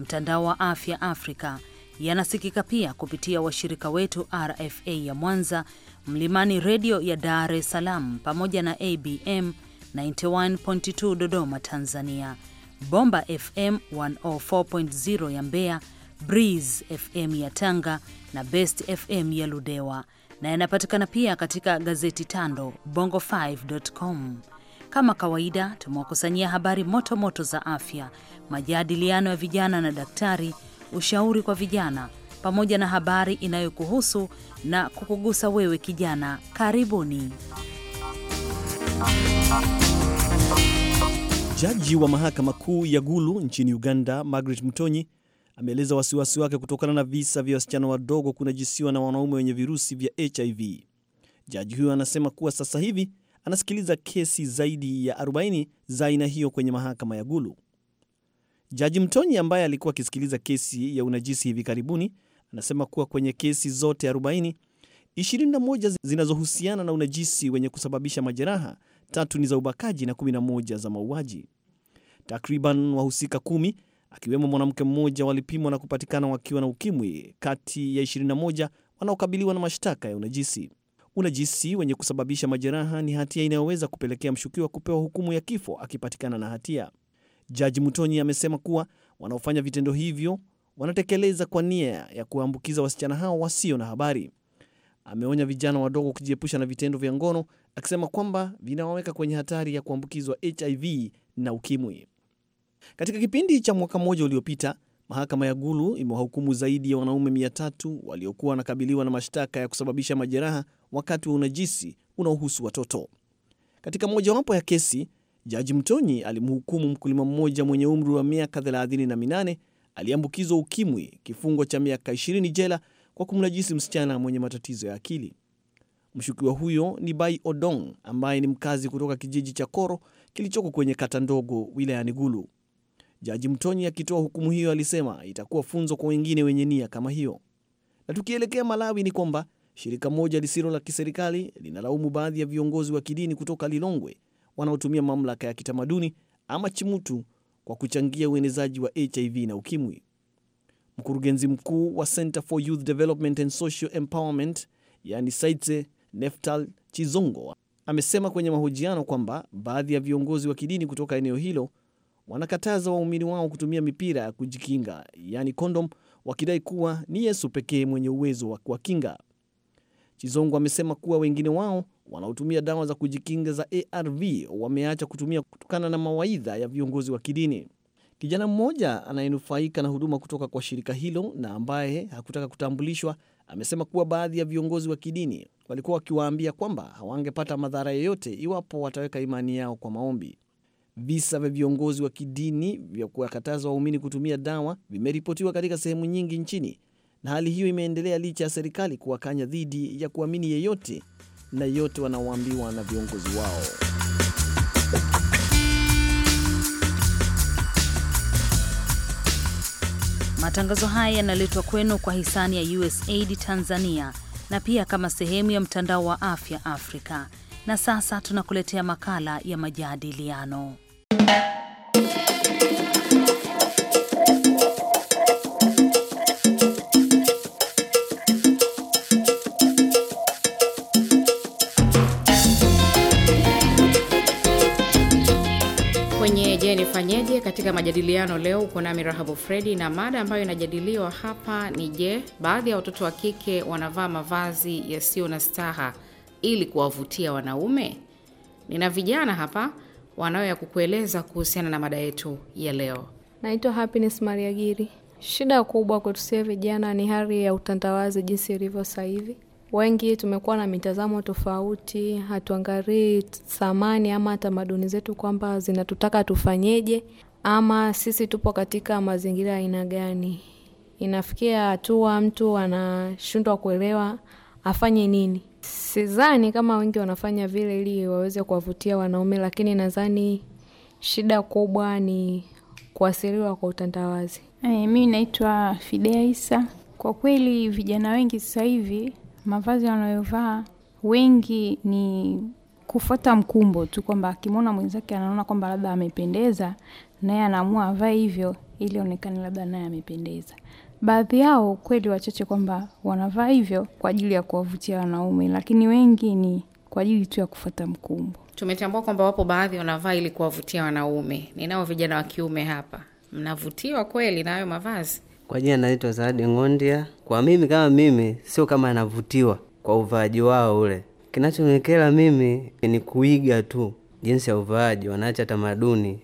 mtandao wa afya Afrika. Yanasikika pia kupitia washirika wetu RFA ya Mwanza, Mlimani Redio ya Dar es Salaam, pamoja na ABM 91.2 Dodoma, Tanzania, Bomba FM 104.0 ya Mbeya, Breeze FM ya Tanga na Best FM ya Ludewa, na yanapatikana pia katika gazeti Tando Bongo5.com. Kama kawaida, tumewakusanyia habari moto moto za afya, majadiliano ya vijana na daktari, ushauri kwa vijana, pamoja na habari inayokuhusu na kukugusa wewe kijana. Karibuni. Jaji wa mahakama kuu ya Gulu nchini Uganda, Margaret mtonyi ameeleza wasiwasi wake kutokana na visa vya wasichana wadogo kunajisiwa na wanaume wenye virusi vya HIV. Jaji huyo anasema kuwa sasa hivi anasikiliza kesi zaidi ya 40 za aina hiyo kwenye mahakama ya Gulu. Jaji Mtonyi ambaye alikuwa akisikiliza kesi ya unajisi hivi karibuni anasema kuwa kwenye kesi zote 40, 21 zinazohusiana na unajisi wenye kusababisha majeraha, tatu ni za ubakaji na 11 za mauaji. Takriban wahusika kumi akiwemo mwanamke mmoja walipimwa na kupatikana wakiwa na ukimwi kati ya 21 wanaokabiliwa na mashtaka ya unajisi. Unajisi wenye kusababisha majeraha ni hatia inayoweza kupelekea mshukiwa kupewa hukumu ya kifo akipatikana na hatia. Jaji Mutonyi amesema kuwa wanaofanya vitendo hivyo wanatekeleza kwa nia ya kuwaambukiza wasichana hao wasio na habari. Ameonya vijana wadogo kujiepusha na vitendo vya ngono, akisema kwamba vinawaweka kwenye hatari ya kuambukizwa HIV na ukimwi. Katika kipindi cha mwaka mmoja uliopita, mahakama ya Gulu imewahukumu zaidi ya wanaume mia tatu waliokuwa wanakabiliwa na mashtaka ya kusababisha majeraha wakati wa unajisi unaohusu watoto. Katika mojawapo ya kesi, Jaji Mtonyi alimhukumu mkulima mmoja mwenye umri wa miaka 38 aliyeambukizwa ukimwi kifungo cha miaka 20 jela kwa kumnajisi msichana mwenye matatizo ya akili. Mshukiwa huyo ni Bai Odong ambaye ni mkazi kutoka kijiji cha Koro kilichoko kwenye kata ndogo wilayani Gulu. Jaji Mtonyi akitoa hukumu hiyo alisema itakuwa funzo kwa wengine wenye nia kama hiyo. Na tukielekea Malawi ni kwamba Shirika moja lisilo la kiserikali linalaumu baadhi ya viongozi wa kidini kutoka Lilongwe wanaotumia mamlaka ya kitamaduni ama chimutu kwa kuchangia uenezaji wa HIV na ukimwi. Mkurugenzi mkuu wa Center for Youth Development and Social Empowerment, yani SAITE, Neftal Chizongo amesema kwenye mahojiano kwamba baadhi ya viongozi wa kidini kutoka eneo hilo wanakataza waumini wao kutumia mipira ya kujikinga, yani kondom, wakidai kuwa ni Yesu pekee mwenye uwezo wa kuwakinga. Chizongo amesema kuwa wengine wao wanaotumia dawa za kujikinga za ARV wameacha kutumia kutokana na mawaidha ya viongozi wa kidini. Kijana mmoja anayenufaika na huduma kutoka kwa shirika hilo na ambaye hakutaka kutambulishwa amesema kuwa baadhi ya viongozi wa kidini walikuwa wakiwaambia kwamba hawangepata madhara yoyote iwapo wataweka imani yao kwa maombi. Visa vya viongozi wa kidini vya kuwakataza waumini kutumia dawa vimeripotiwa katika sehemu nyingi nchini na hali hiyo imeendelea licha ya serikali kuwakanya dhidi ya kuamini yeyote na yote wanaoambiwa na viongozi wao. Matangazo haya yanaletwa kwenu kwa hisani ya USAID Tanzania na pia kama sehemu ya mtandao wa afya Afrika. Na sasa tunakuletea makala ya majadiliano. Je, nifanyeje katika majadiliano leo? Uko nami Rahabu Fredi, na mada ambayo inajadiliwa hapa ni je, baadhi ya watoto wa kike wanavaa mavazi yasiyo na staha ili kuwavutia wanaume? Nina vijana hapa wanao ya kukueleza kuhusiana na mada yetu ya leo. Naitwa Happiness Mariagiri. Shida kubwa kwetu sie vijana ni hali ya utandawazi jinsi ilivyo sasa hivi wengi tumekuwa na mitazamo tofauti, hatuangalii thamani ama tamaduni zetu kwamba zinatutaka tufanyeje ama sisi tupo katika mazingira aina gani. Inafikia hatua mtu anashindwa kuelewa afanye nini. sizani kama wengi wanafanya vile ili waweze kuwavutia wanaume, lakini nadhani shida kubwa ni kuasiriwa kwa utandawazi. e, mimi naitwa Fidea Isa. Kwa kweli vijana wengi sasa hivi Mavazi wanayovaa wengi ni kufuata mkumbo tu, kwamba akimwona mwenzake anaona kwamba labda amependeza, naye anaamua avae hivyo ili aonekane labda naye amependeza. Baadhi yao kweli wachache kwamba wanavaa hivyo kwa ajili ya kuwavutia wanaume, lakini wengi ni kwa ajili tu ya kufuata mkumbo. Tumetambua kwamba wapo baadhi wanavaa ili kuwavutia wanaume. Ninao vijana wa kiume hapa, mnavutiwa kweli na hayo mavazi? Kwa jina naitwa Zawadi Ng'ondia. Kwa mimi kama mimi, sio kama anavutiwa kwa uvaaji wao ule. kinachonekela mimi ni kuiga tu jinsi ya uvaaji, wanaacha tamaduni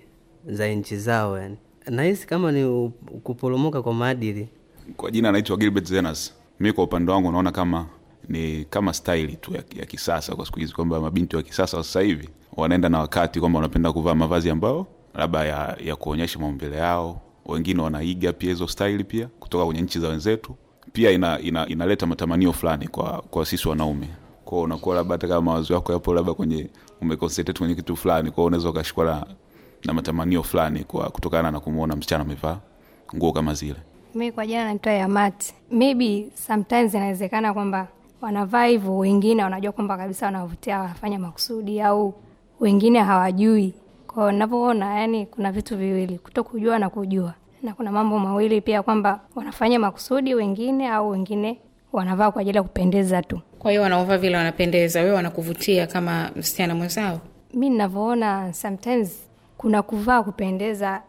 za nchi zao. Yani nahisi kama ni kuporomoka kwa maadili. Kwa jina naitwa Gilbert Zenas. Mi kwa upande wangu naona kama ni kama staili tu ya, ya kisasa kwa siku hizi, kwamba mabinti wa kisasa sasa hivi wanaenda na wakati, kwamba wanapenda kuvaa mavazi ambayo labda ya, ya kuonyesha maumbile yao wengine wanaiga pia hizo style pia kutoka kwenye nchi za wenzetu pia ina, ina, inaleta matamanio fulani kwa, kwa sisi wanaume kwao unakuwa labda hata kama mawazo yako yapo labda kwenye umeconcentrate kwenye kitu fulani kwao unaweza ukashikwa na, na matamanio fulani kwa kutokana na kumwona msichana amevaa nguo kama zile mi kwa jina naitwa yamat maybe sometimes inawezekana kwamba wanavaa hivyo wengine wanajua kwamba kabisa wanavutia wanafanya makusudi au wengine hawajui kwa ninavyoona, yani kuna vitu viwili, kuto kujua na kujua, na kuna mambo mawili pia kwamba wanafanya makusudi wengine, au wengine wanavaa kwa ajili ya kupendeza tu. Kwa hiyo wanaovaa vile wanapendeza, wewe wanakuvutia kama msichana mwenzao? Mi ninavyoona, sometimes kuna kuvaa kupendeza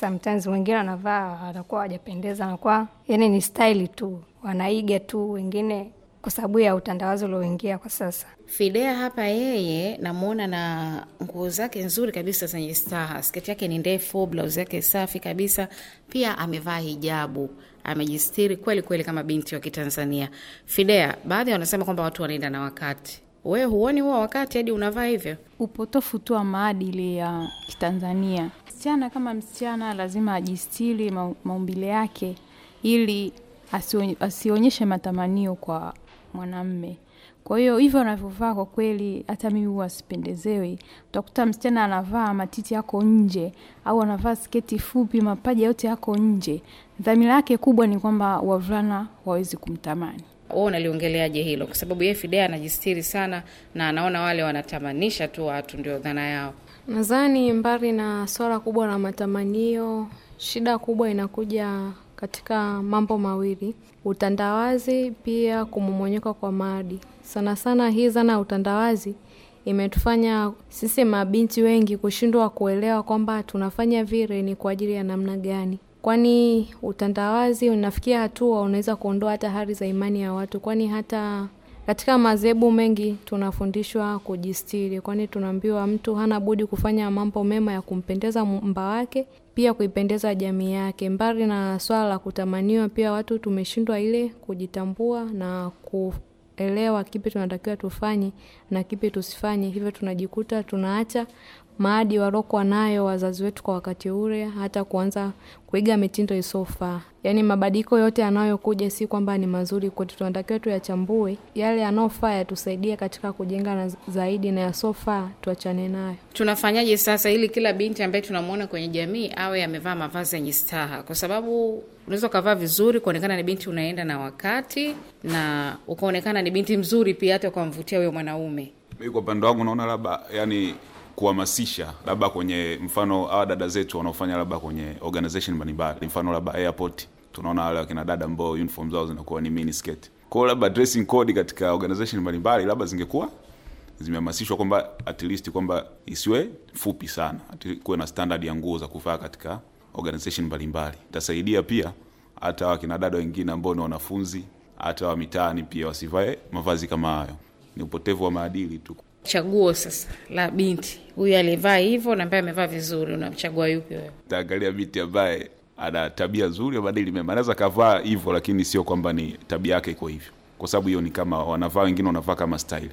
sometimes wengine wanavaa watakuwa wajapendeza, nakwa yani ni style tu, wanaiga tu wengine kwa sababu ya utandawazi ulioingia kwa sasa. Fidea hapa yeye namwona na nguo zake nzuri kabisa zenye staha, sketi yake ni ndefu, blauzi yake safi kabisa, pia amevaa hijabu, amejistiri kweli kweli kama binti wa Kitanzania. Fidea, baadhi wanasema kwamba watu wanaenda na wakati We huoni huo wakati hadi unavaa hivyo? Upotofu tu wa maadili ya Kitanzania. Msichana kama msichana lazima ajistiri maumbile yake ili asionyeshe matamanio kwa mwanamme. Kwa hiyo hivyo anavyovaa kwa kweli, hata mimi huwa sipendezewi. Utakuta msichana anavaa matiti yako nje, au anavaa sketi fupi, mapaja yote yako nje. Dhamira yake kubwa ni kwamba wavulana wawezi kumtamani. Wewe unaliongeleaje hilo? Kwa sababu yeye Fidea anajistiri sana na anaona wale wanatamanisha tu watu, ndio dhana yao. Nadhani mbali na swala kubwa la matamanio, shida kubwa inakuja katika mambo mawili, utandawazi pia kumomonyoka kwa maadi. Sana sana hii zana ya utandawazi imetufanya sisi mabinti wengi kushindwa kuelewa kwamba tunafanya vile ni kwa ajili ya namna gani, kwani utandawazi unafikia hatua unaweza kuondoa hata hali za imani ya watu, kwani hata katika madhehebu mengi tunafundishwa kujistiri, kwani tunaambiwa mtu hana budi kufanya mambo mema ya kumpendeza mba wake, pia kuipendeza jamii yake. Mbali na swala la kutamaniwa, pia watu tumeshindwa ile kujitambua na kuelewa kipi tunatakiwa tufanye na kipi tusifanye, hivyo tunajikuta tunaacha maadi waliokuwa nayo wazazi wetu kwa wakati ule, hata kuanza kuiga mitindo isiyofaa. Yaani mabadiliko yote yanayokuja si kwamba ni mazuri kwetu, tunatakiwa yachambue Yale yanayofaa yatusaidia katika kujenga na zaidi, na yasiyofaa tuachane nayo. Tunafanyaje sasa ili kila binti ambaye tunamwona kwenye jamii awe amevaa mavazi yenye staha? Kwa sababu unaweza ukavaa vizuri kuonekana ni binti unaenda na wakati, na ukaonekana ni binti mzuri pia, hata ukamvutia huyo mwanaume. Mi kwa upande wangu naona labda yani kuhamasisha labda kwenye mfano awa dada zetu wanaofanya labda kwenye organization mbalimbali, mfano labda airport, tunaona wale wakina dada ambao uniform zao zinakuwa ni mini skirt. Kwa labda dressing code katika organization mbalimbali labda zingekuwa zimehamasishwa kwamba at least kwamba isiwe fupi sana, kuwe na standard ya nguo za kuvaa katika organization mbalimbali. Itasaidia pia hata wakina dada wengine ambao ni wanafunzi, hata wa mitaani pia wasivae mavazi kama hayo. Ni upotevu wa maadili tu chaguo sasa la binti huyu aliyevaa hivo na ambaye amevaa vizuri, unamchagua yupi wewe? Taangalia binti ambaye ana tabia nzuri au mema. Anaweza kavaa hivo lakini sio kwamba ni tabia yake iko hivyo, kwa sababu hiyo ni kama wanavaa wengine, wanavaa kama staili,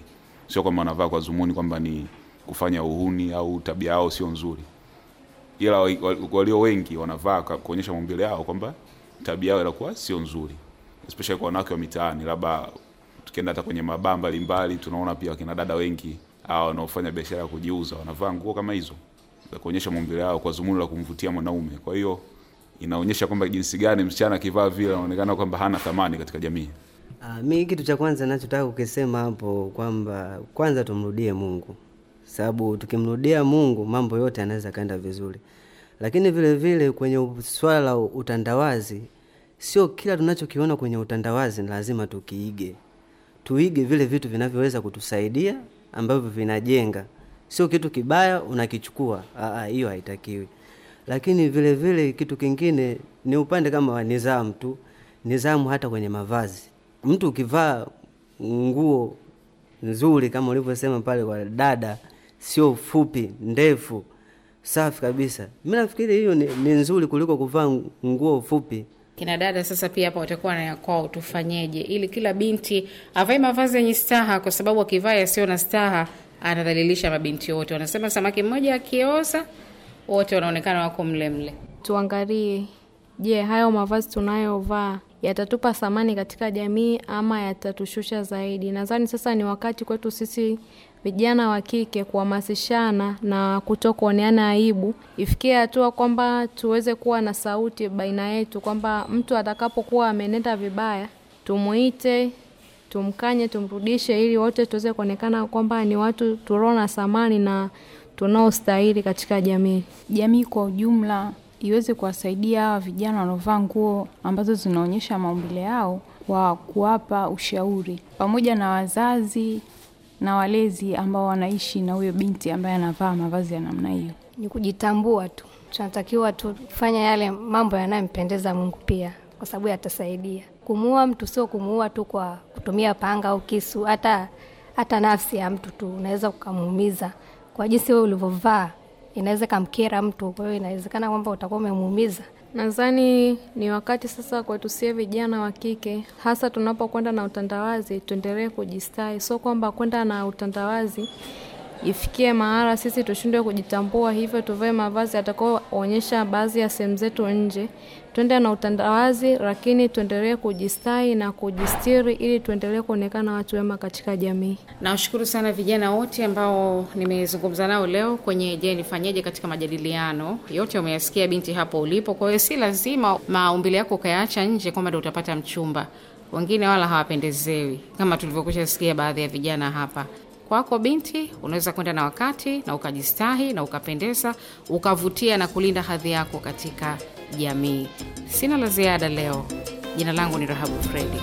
sio kwamba wanavaa kwa zumuni kwamba ni kufanya uhuni au tabia yao sio nzuri, ila walio wengi wanavaa kuonyesha maumbile yao kwamba tabia yao inakuwa sio nzuri, especially kwa wanawake wa mitaani, labda ukienda hata kwenye mabaa mbalimbali tunaona pia wakina dada wengi hao wanaofanya biashara ya kujiuza wanavaa nguo kama hizo za kuonyesha maumbile yao kwa dhumuni la kumvutia mwanaume. Kwa hiyo inaonyesha kwamba jinsi gani msichana akivaa vile anaonekana kwamba hana thamani katika jamii. Ah, mi kitu cha kwanza ninachotaka kukisema hapo kwamba kwanza tumrudie Mungu, sababu tukimrudia Mungu mambo yote anaweza kaenda vizuri, lakini vile vile kwenye swala la utandawazi, sio kila tunachokiona kwenye utandawazi lazima tukiige tuige vile vitu vinavyoweza kutusaidia ambavyo vinajenga, sio kitu kibaya unakichukua. Hiyo haitakiwi. Lakini vile vile kitu kingine ni upande kama wa nizamu tu, nizamu hata kwenye mavazi. Mtu ukivaa nguo nzuri kama ulivyosema pale kwa dada, sio fupi, ndefu, safi kabisa, mi nafikiri hiyo ni, ni nzuri kuliko kuvaa nguo fupi kina dada sasa pia hapa watakuwa na yakwao, tufanyeje ili kila binti avae mavazi yenye staha, kwa sababu akivaa yasio na staha anadhalilisha mabinti wote. Wanasema samaki mmoja akioza wote wanaonekana wako mlemle. Tuangalie, je, hayo mavazi tunayovaa yatatupa thamani katika jamii ama yatatushusha zaidi? Nadhani sasa ni wakati kwetu sisi vijana wa kike kuhamasishana na kutokuoneana aibu, ifikie hatua kwamba tuweze kuwa na sauti baina yetu, kwamba mtu atakapokuwa amenenda vibaya tumuite, tumkanye, tumrudishe, ili wote tuweze kuonekana kwamba ni watu tulio na thamani na tunaostahili katika jamii. Jamii kwa ujumla iweze kuwasaidia hawa vijana wanaovaa nguo ambazo zinaonyesha maumbile yao, wa kuwapa ushauri pamoja na wazazi na walezi ambao wanaishi na huyo binti ambaye anavaa mavazi ya namna hiyo. Ni kujitambua tu, tunatakiwa tufanya yale mambo yanayompendeza Mungu pia, kwa sababu yatasaidia kumuua mtu, sio kumuua tu kwa kutumia panga au kisu. Hata hata nafsi ya mtu tu unaweza ukamuumiza kwa jinsi wewe ulivyovaa, inaweza kamkera mtu. Kwa hiyo inawezekana kwamba utakuwa umemuumiza Nadhani ni wakati sasa kwetu sie vijana wa kike, hasa tunapokwenda na utandawazi, tuendelee kujistai Sio kwamba kwenda na utandawazi ifikie mahala sisi tushindwe kujitambua, hivyo tuvae mavazi atakaoonyesha baadhi ya sehemu zetu nje. Twende na utandawazi, lakini tuendelee kujistahi na kujistiri ili tuendelee kuonekana watu wema katika jamii. Nawashukuru sana vijana wote ambao nimezungumza nao leo kwenye Je nifanyeje katika majadiliano. Yote umeyasikia binti hapo ulipo, kwa hiyo si lazima maumbile yako ukayaacha nje kwamba ndo utapata mchumba. Wengine wala hawapendezewi kama tulivyokwisha sikia baadhi ya vijana hapa. Kwako binti, unaweza kwenda na wakati na ukajistahi na ukapendeza ukavutia na kulinda hadhi yako katika jamii. Sina la ziada leo. Jina langu ni Rahabu Fredi.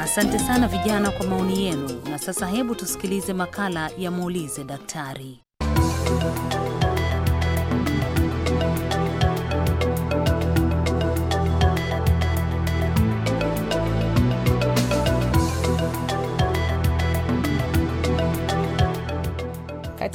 Asante sana vijana kwa maoni yenu, na sasa hebu tusikilize makala ya muulize daktari.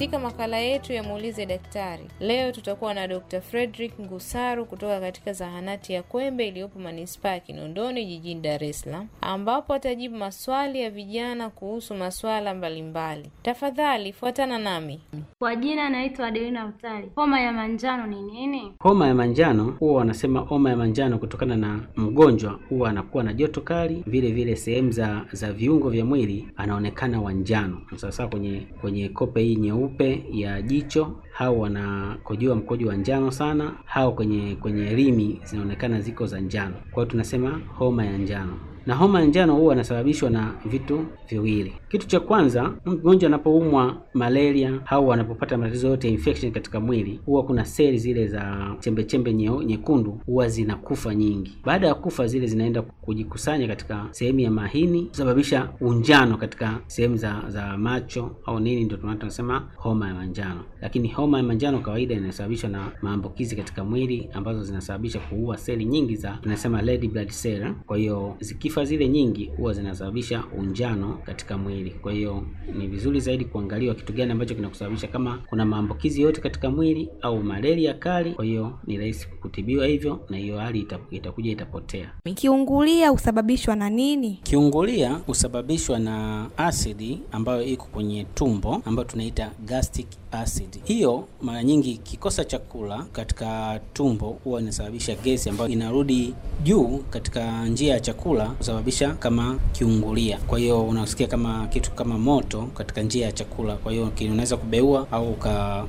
Katika makala yetu ya muulize daktari leo tutakuwa na Dr. Frederick Ngusaru kutoka katika zahanati ya Kwembe iliyopo manispaa ya Kinondoni jijini Dar es Salaam, ambapo atajibu maswali ya vijana kuhusu maswala mbalimbali. Tafadhali fuatana nami. Kwa jina anaitwa Adelina Mtali. Homa ya manjano ni nini? Homa ya manjano huwa wanasema homa ya manjano kutokana na mgonjwa huwa anakuwa na joto kali, vile vile sehemu za za viungo vya mwili anaonekana wanjano, sasa kwenye kwenye kope hii nyeupe nyeupe ya jicho, hao wanakojua mkojo wa njano sana, hao kwenye kwenye rimi zinaonekana ziko za njano. Kwa hiyo tunasema homa ya njano na homa ya njano huwa inasababishwa na vitu viwili. Kitu cha kwanza, mgonjwa anapoumwa malaria au anapopata matatizo yote infection katika mwili, huwa kuna seli zile za chembechembe nyekundu huwa zinakufa nyingi. Baada ya kufa, zile zinaenda kujikusanya katika sehemu ya mahini kusababisha unjano katika sehemu za, za macho au nini, ndio tunasema homa ya manjano. Lakini homa ya manjano kawaida inasababishwa na maambukizi katika mwili ambazo zinasababisha kuua seli nyingi za tunasema red blood cell. Kwa hiyo sifa zile nyingi huwa zinasababisha unjano katika mwili. Kwa hiyo ni vizuri zaidi kuangaliwa kitu gani ambacho kinakusababisha, kama kuna maambukizi yote katika mwili au malaria kali. Kwa hiyo ni rahisi kutibiwa hivyo, na hiyo hali itakuja ita, itapotea. Kiungulia husababishwa na nini? Kiungulia husababishwa na asidi ambayo iko kwenye tumbo ambayo tunaita gastric acid. Hiyo mara nyingi kikosa chakula katika tumbo huwa inasababisha gesi ambayo inarudi juu katika njia ya chakula kusababisha kama kiungulia. Kwa hiyo unasikia kama kitu kama moto katika njia ya chakula, kwa hiyo unaweza kubeua au uka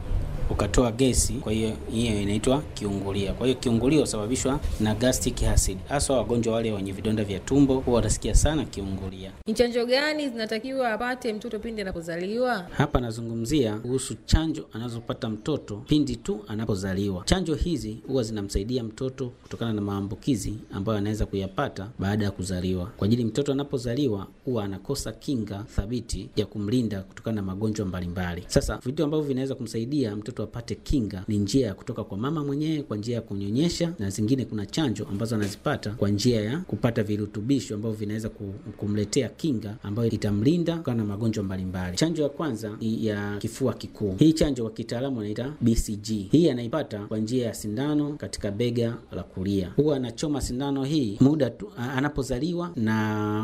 ukatoa gesi, kwa hiyo hiyo inaitwa kiungulia. Kwa hiyo kiungulia husababishwa na gastric acid, hasa wagonjwa wale wenye vidonda vya tumbo huwa watasikia sana kiungulia. Ni chanjo gani zinatakiwa apate mtoto pindi anapozaliwa? Hapa nazungumzia kuhusu chanjo anazopata mtoto pindi tu anapozaliwa. Chanjo hizi huwa zinamsaidia mtoto kutokana na maambukizi ambayo anaweza kuyapata baada ya kuzaliwa. Kwa ajili mtoto anapozaliwa huwa anakosa kinga thabiti ya kumlinda kutokana na magonjwa mbalimbali. Sasa vitu ambavyo vinaweza kumsaidia mtoto mtoto apate kinga ni njia ya kutoka kwa mama mwenyewe kwa njia ya kunyonyesha, na zingine kuna chanjo ambazo anazipata kwa njia ya kupata virutubisho ambavyo vinaweza kumletea kinga ambayo itamlinda kutokana na magonjwa mbalimbali. Chanjo ya kwanza ni ya kifua kikuu. Hii chanjo kwa kitaalamu anaita BCG. Hii anaipata kwa njia ya sindano katika bega la kulia. Huwa anachoma sindano hii muda tu anapozaliwa na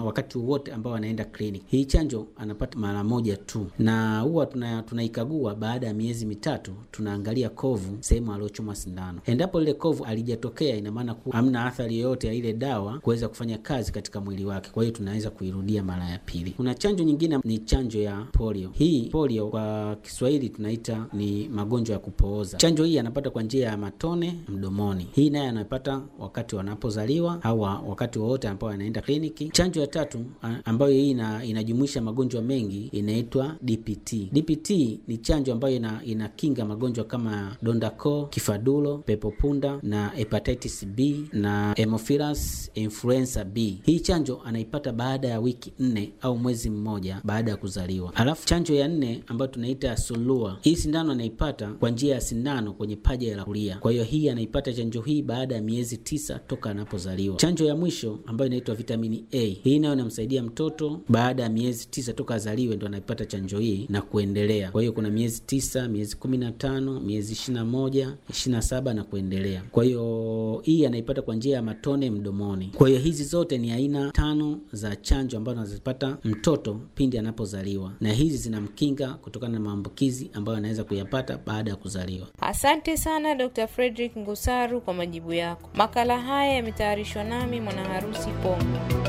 wakati wote ambao anaenda kliniki. Hii chanjo anapata mara moja tu, na huwa tunaikagua tuna baada ya miezi mitatu tunaangalia kovu sehemu aliochomwa sindano. Endapo lile kovu alijatokea, ina maana kuwa hamna athari yoyote ya ile dawa kuweza kufanya kazi katika mwili wake, kwa hiyo tunaweza kuirudia mara ya pili. Kuna chanjo nyingine, ni chanjo ya polio. Hii polio kwa Kiswahili tunaita ni magonjwa ya kupooza. Chanjo hii anapata kwa njia ya matone mdomoni. Hii naye anapata wakati wanapozaliwa au wakati wowote ambao anaenda kliniki. Chanjo ya tatu ambayo hii ina, inajumuisha magonjwa mengi inaitwa DPT. DPT ni chanjo ambayo ina, ina magonjwa kama donda koo, kifadulo, pepo punda na hepatitis B na hemophilus influenza B. Hii chanjo anaipata baada ya wiki nne au mwezi mmoja baada ya kuzaliwa. Alafu chanjo ya nne ambayo tunaita sulua, hii sindano anaipata kwa njia ya sindano kwenye paja la kulia. Kwa hiyo hii anaipata chanjo hii baada ya miezi tisa toka anapozaliwa. Chanjo ya mwisho ambayo inaitwa vitamini A, hii nayo inamsaidia mtoto baada ya miezi tisa toka azaliwe, ndo anaipata chanjo hii na kuendelea. Kwa hiyo kuna miezi tisa, miezi kumi na tano miezi 21, 27 na kuendelea. Kwa hiyo hii anaipata kwa njia ya matone mdomoni. Kwa hiyo hizi zote ni aina tano za chanjo ambazo anazipata mtoto pindi anapozaliwa, na hizi zinamkinga kutokana na maambukizi ambayo anaweza kuyapata baada ya kuzaliwa. Asante sana Dr. Frederick Ngusaru kwa majibu yako. Makala haya yametayarishwa nami mwana harusi Pongo.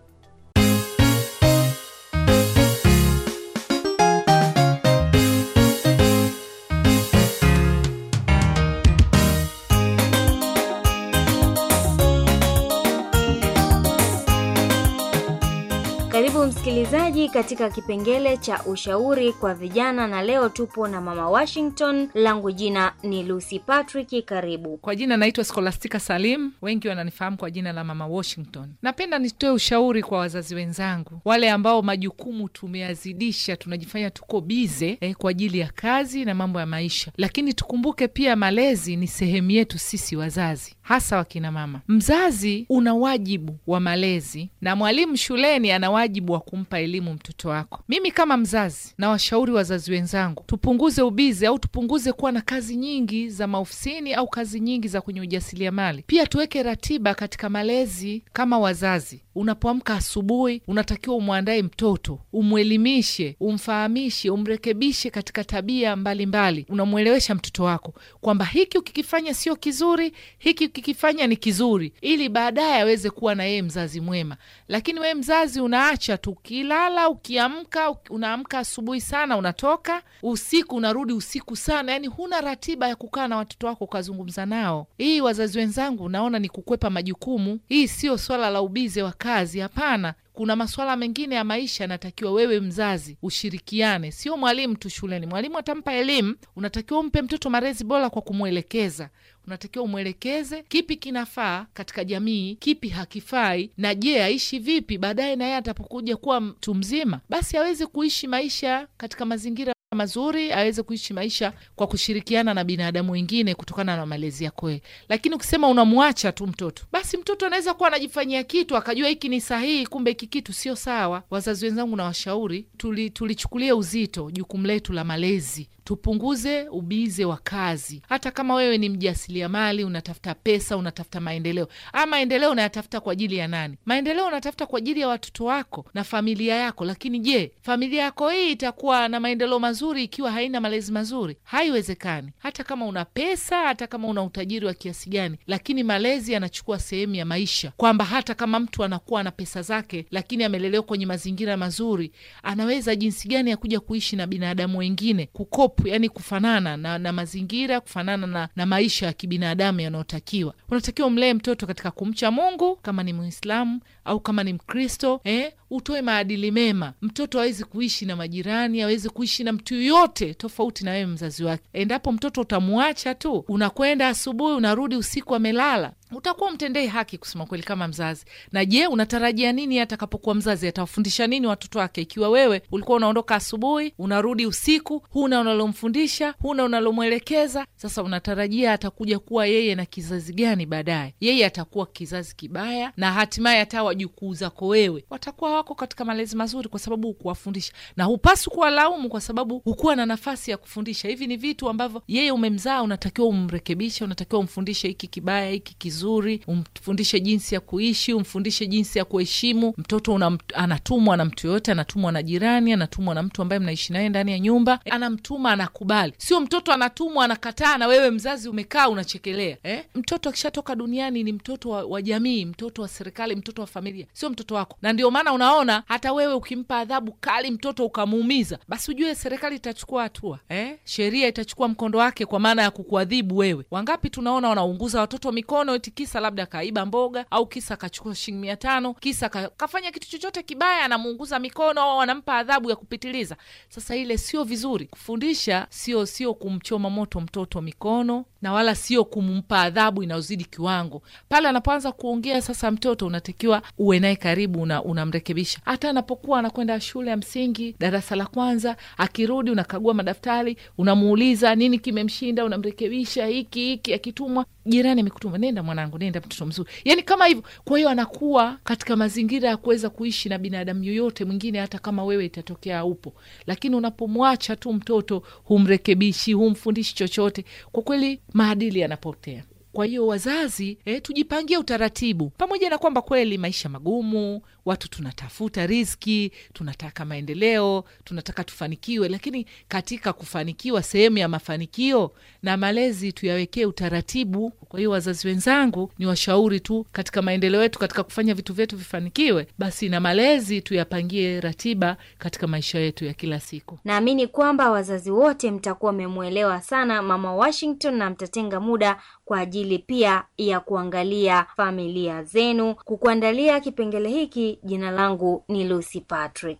Karibu msikilizaji katika kipengele cha ushauri kwa vijana, na leo tupo na mama Washington. Langu jina ni Lucy Patrick, karibu. Kwa jina naitwa skolastika Salim, wengi wananifahamu kwa jina la mama Washington. Napenda nitoe ushauri kwa wazazi wenzangu, wale ambao majukumu tumeyazidisha, tunajifanya tuko bize eh, kwa ajili ya kazi na mambo ya maisha, lakini tukumbuke pia malezi ni sehemu yetu sisi wazazi, hasa wakina mama. Mzazi una wajibu wa malezi na mwalimu shuleni ana wajibu mkubwa wa kumpa elimu mtoto wako. Mimi kama mzazi na washauri wazazi wenzangu, tupunguze ubizi au tupunguze kuwa na kazi nyingi za maofisini au kazi nyingi za kwenye ujasiliamali Pia tuweke ratiba katika malezi kama wazazi Unapoamka asubuhi, unatakiwa umwandae mtoto, umwelimishe, umfahamishe, umrekebishe katika tabia mbalimbali. Unamwelewesha mtoto wako kwamba hiki ukikifanya sio kizuri, hiki ukikifanya ni kizuri, ili baadaye aweze kuwa na yeye mzazi mwema. Lakini wewe mzazi unaacha tu, ukilala, ukiamka, unaamka asubuhi sana, unatoka usiku, unarudi usiku sana, yani huna ratiba ya kukaa na watoto wako ukazungumza nao. Hii wazazi wenzangu, naona ni kukwepa majukumu. Hii sio swala la ubize wa kazi, hapana. Kuna masuala mengine ya maisha yanatakiwa wewe mzazi ushirikiane, sio mwalimu tu shuleni. Mwalimu atampa elimu, unatakiwa umpe mtoto malezi bora kwa kumwelekeza unatakiwa umwelekeze kipi kinafaa katika jamii, kipi hakifai, na je, aishi vipi baadaye. yeye atapokuja kuwa mtu mzima, basi aweze kuishi maisha katika mazingira mazuri aweze kuishi maisha kwa kushirikiana na binadamu wengine kutokana na malezi yako wewe. Lakini ukisema unamwacha tu mtoto, basi mtoto anaweza kuwa anajifanyia kitu akajua hiki ni sahihi, kumbe hiki kitu sio sawa. Wazazi wenzangu na washauri, tulichukulia tuli uzito jukumu letu la malezi, tupunguze ubize wa kazi. Hata kama wewe ni mjasiriamali, unatafuta pesa, unatafuta maendeleo. Aa, maendeleo unayatafuta kwa ajili ya nani? Maendeleo unatafuta kwa ajili ya watoto wako na familia yako. Lakini je, familia yako hii itakuwa na maendeleo mazuri mazuri ikiwa haina malezi mazuri, haiwezekani. Hata kama una pesa, hata kama una utajiri wa kiasi gani, lakini malezi yanachukua sehemu ya maisha, kwamba hata kama mtu anakuwa na pesa zake, lakini amelelewa kwenye mazingira mazuri, anaweza jinsi gani ya kuja kuishi na binadamu wengine, kukopu, yani kufanana na, na mazingira, kufanana na, na maisha ya kibinadamu yanayotakiwa. Unatakiwa umlee mtoto katika kumcha Mungu kama ni Muislamu au kama ni Mkristo eh, utoe maadili mema. Mtoto awezi kuishi na majirani, awezi kuishi na mtu yoyote tofauti na wewe mzazi wake. Endapo mtoto utamwacha tu, unakwenda asubuhi, unarudi usiku, amelala, utakuwa mtendei haki kusema kweli kama mzazi. Na je, unatarajia nini atakapokuwa mzazi? Atawafundisha nini watoto wake ikiwa wewe ulikuwa unaondoka asubuhi unarudi usiku, huna unalomfundisha, huna unalomwelekeza? Sasa unatarajia atakuja kuwa yeye na kizazi gani baadaye? Yeye atakuwa kizazi kibaya, na hatimaye hata wajukuu zako wewe watakuwa wako katika malezi mazuri, kwa sababu hukuwafundisha, na hupaswi kuwalaumu kwa sababu hukuwa na nafasi ya kufundisha. Hivi ni vitu ambavyo yeye umemzaa, unatakiwa umrekebishe, unatakiwa umfundishe hiki kibaya, hiki kizuri vizuri, umfundishe jinsi ya kuishi, umfundishe jinsi ya kuheshimu. Mtoto una, anatumwa na mtu yoyote, anatumwa na jirani, anatumwa na mtu ambaye mnaishi naye ndani ya nyumba, anamtuma anakubali. Sio mtoto anatumwa anakataa, na wewe mzazi umekaa unachekelea eh? Mtoto akishatoka duniani ni mtoto wa, wa jamii, mtoto wa serikali, mtoto wa familia, sio mtoto wako. Na ndio maana unaona hata wewe ukimpa adhabu kali mtoto ukamuumiza, basi ujue serikali itachukua hatua eh? Sheria itachukua mkondo wake, kwa maana ya kukuadhibu wewe. Wangapi tunaona wanaunguza watoto mikono eti eti kisa labda kaiba mboga au kisa kachukua shilingi mia tano kisa ka, kafanya kitu chochote kibaya, anamuunguza mikono au anampa adhabu ya kupitiliza. Sasa ile sio vizuri. Kufundisha sio sio kumchoma moto mtoto mikono na wala sio kumpa adhabu inayozidi kiwango. Pale anapoanza kuongea sasa, mtoto unatakiwa uwe naye karibu, na unamrekebisha. Hata anapokuwa anakwenda shule ya msingi darasa la kwanza, akirudi unakagua madaftari, unamuuliza nini kimemshinda, unamrekebisha hiki hiki. Akitumwa jirani amekutuma, nenda mwana mwanangu nenda mtoto mzuri, yani kama hivyo. Kwa hiyo anakuwa katika mazingira ya kuweza kuishi na binadamu yoyote mwingine, hata kama wewe itatokea upo, lakini unapomwacha tu mtoto, humrekebishi, humfundishi chochote, kwa kweli maadili yanapotea. Kwa hiyo wazazi, eh, tujipangie utaratibu, pamoja na kwamba kweli maisha magumu, watu tunatafuta riziki, tunataka maendeleo, tunataka tufanikiwe, lakini katika kufanikiwa, sehemu ya mafanikio na malezi tuyawekee utaratibu. Kwa hiyo wazazi wenzangu, ni washauri tu katika maendeleo yetu, katika kufanya vitu vyetu vifanikiwe, basi na malezi tuyapangie ratiba katika maisha yetu ya kila siku. Naamini kwamba wazazi wote mtakuwa mmemwelewa sana Mama Washington na mtatenga muda kwa ajili pia ya kuangalia familia zenu. Kukuandalia kipengele hiki, jina langu ni Lucy Patrick.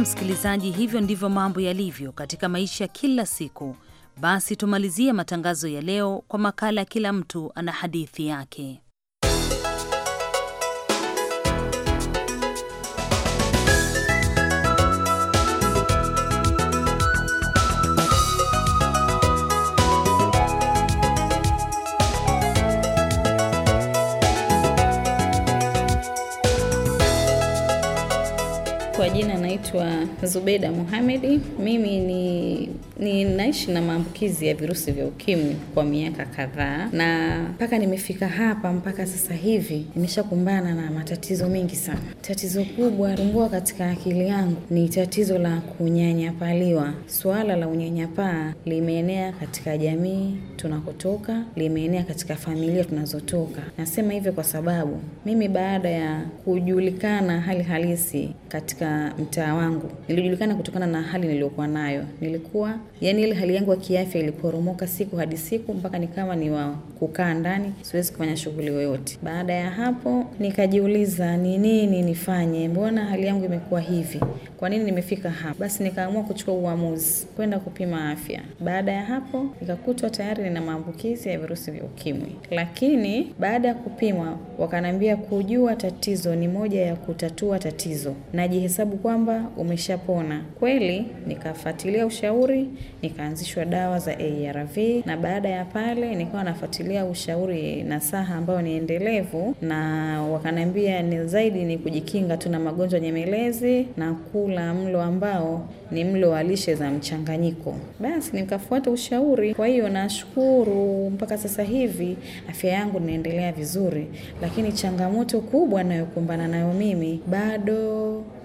Msikilizaji, hivyo ndivyo mambo yalivyo katika maisha kila siku. Basi tumalizie matangazo ya leo kwa makala Kila mtu ana hadithi yake. naitwa Zubeda muhamedi Mimi ni, ni naishi na maambukizi ya virusi vya ukimwi kwa miaka kadhaa, na mpaka nimefika hapa mpaka sasa hivi nimeshakumbana na matatizo mengi sana. Tatizo kubwa tumbua katika akili yangu ni tatizo la kunyanyapaliwa. Suala la unyanyapaa limeenea katika jamii tunakotoka, limeenea katika familia tunazotoka. Nasema hivyo kwa sababu mimi baada ya kujulikana hali halisi katika mtaa wangu. Nilijulikana kutokana na hali niliyokuwa nayo. Nilikuwa yani, ile hali yangu ya kiafya iliporomoka siku hadi siku, mpaka nikawa ni wa kukaa ndani, siwezi kufanya shughuli yoyote. Baada ya hapo, nikajiuliza ni nini nifanye, mbona hali yangu imekuwa hivi, kwa nini nimefika hapa? Basi nikaamua kuchukua uamuzi kwenda kupima afya. Baada ya hapo, nikakutwa tayari nina maambukizi ya virusi vya UKIMWI, lakini baada ya kupimwa wakaniambia kujua tatizo ni moja ya kutatua tatizo. Najihesabu kwamba umeshapona kweli? Nikafuatilia ushauri, nikaanzishwa dawa za ARV, na baada ya pale nikawa nafuatilia ushauri na saha ambayo ni endelevu, na wakaniambia ni zaidi ni kujikinga tu na magonjwa nyemelezi na kula mlo ambao ni mlo wa lishe za mchanganyiko. Basi nikafuata ushauri. Kwa hiyo nashukuru mpaka sasa hivi afya yangu naendelea vizuri, lakini changamoto kubwa nayokumbana nayo mimi bado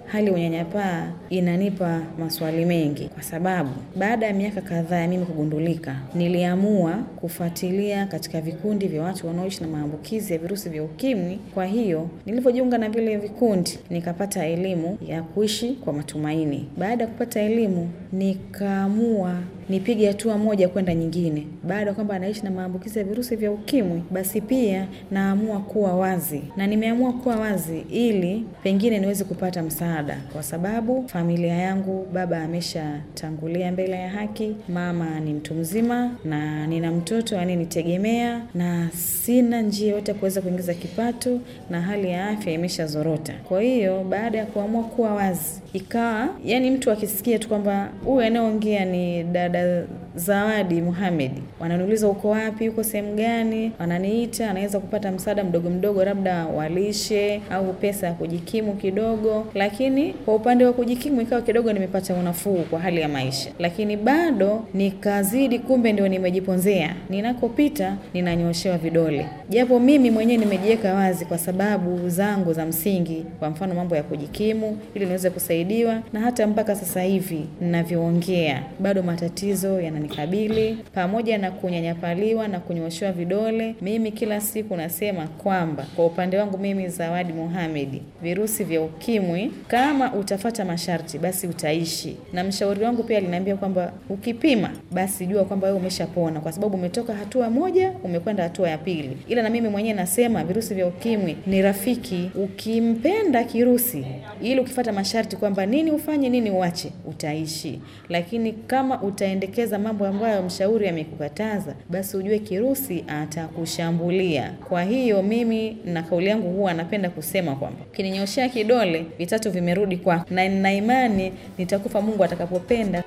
hali ya unyanyapaa inanipa maswali mengi, kwa sababu baada ya miaka kadhaa ya mimi kugundulika, niliamua kufuatilia katika vikundi vya watu wanaoishi na maambukizi ya virusi vya UKIMWI. Kwa hiyo nilivyojiunga na vile vikundi, nikapata elimu ya kuishi kwa matumaini. Baada ya kupata elimu, nikaamua nipige hatua moja kwenda nyingine, baada ya kwamba anaishi na maambukizi ya virusi vya ukimwi, basi pia naamua kuwa wazi, na nimeamua kuwa wazi ili pengine niweze kupata msaada, kwa sababu familia yangu, baba ameshatangulia mbele ya haki, mama ni mtu mzima na nina mtoto anayenitegemea, yaani na sina njia yote ya kuweza kuingiza kipato, na hali ya afya imeshazorota. Kwa hiyo baada ya kuamua kuwa wazi, ikawa yani mtu akisikia tu kwamba huyu anayeongea ni dada de... Zawadi muhamedi wananiuliza uko wapi, uko sehemu gani, wananiita, anaweza kupata msaada mdogo mdogo, labda walishe au pesa ya kujikimu kidogo. Lakini kwa upande wa kujikimu ikawa kidogo nimepata unafuu kwa hali ya maisha, lakini bado nikazidi, kumbe ndio nimejiponzea. Ninakopita ninanyoshewa vidole, japo mimi mwenyewe nimejiweka wazi kwa sababu zangu za msingi, kwa mfano mambo ya kujikimu, ili niweze kusaidiwa, na hata mpaka sasa hivi ninavyoongea bado matatizo yana kunikabili pamoja na kunyanyapaliwa na kunyoshewa vidole. Mimi kila siku nasema kwamba kwa upande wangu mimi Zawadi Mohamed, virusi vya ukimwi kama utafata masharti basi utaishi, na mshauri wangu pia aliniambia kwamba ukipima basi jua kwamba wewe umeshapona, kwa sababu umetoka hatua moja umekwenda hatua ya pili. Ila na mimi mwenyewe nasema virusi vya ukimwi ni rafiki, ukimpenda kirusi, ili ukifata masharti kwamba nini ufanye nini uache, utaishi, lakini kama utaendekeza mambo mambo ambayo mshauri amekukataza, basi ujue kirusi atakushambulia. Kwa hiyo mimi na kauli yangu huwa napenda kusema kwamba ukininyoshea kidole vitatu vimerudi kwako, na nina imani nitakufa Mungu atakapopenda.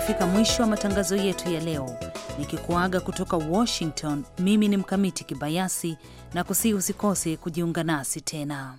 tunafika mwisho wa matangazo yetu ya leo, nikikuaga kutoka Washington. Mimi ni Mkamiti Kibayasi na kusihi usikose kujiunga nasi tena.